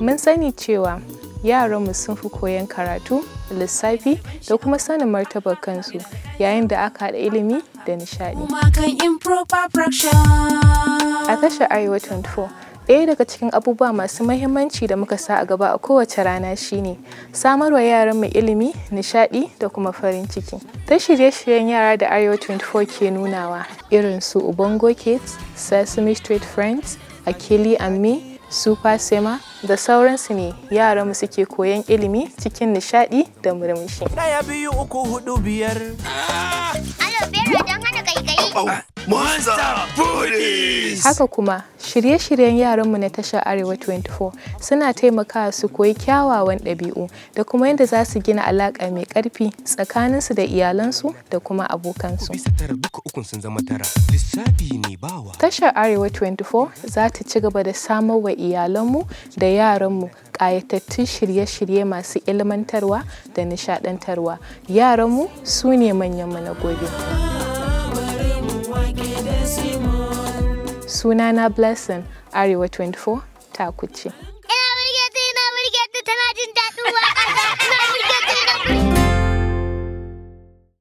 Mun sani cewa yaranmu sun fi koyon karatu, lissafi da kuma sanin martabar kansu yayin da aka haɗa ilimi da nishaɗi. A tashar Arewa 24, ɗaya daga cikin abubuwa masu mahimmanci da muka sa a gaba a kowace rana shine samarwa yaranmu ilimi, nishaɗi da kuma farin ciki. Ta shirye-shiryen yara da Arewa 24 ke nunawa irin su Ubongo Kids, Sesame Street Friends, Akili and Me, super sema da sauransu ne mu suke koyan ilimi cikin nishaɗi da murmushi. Ɗaya biyu uku hudu biyar. Alo, Bera, don hana Haka kuma, shirye-shiryen yaranmu na tashar Arewa 24 suna taimakawa su koyi kyawawan ɗabi'u da kuma yadda za su gina alaƙa mai ƙarfi tsakaninsu da iyalansu da kuma abokansu. Tashar Arewa 24 za ta ci gaba da samar wa iyalanmu da yaranmu ƙayatattun shirye-shirye masu ilmantarwa da nishaɗantarwa. Yaranmu su ne manyanmu na gobe. Sunana Blessing, Arewa 24, Takuchi.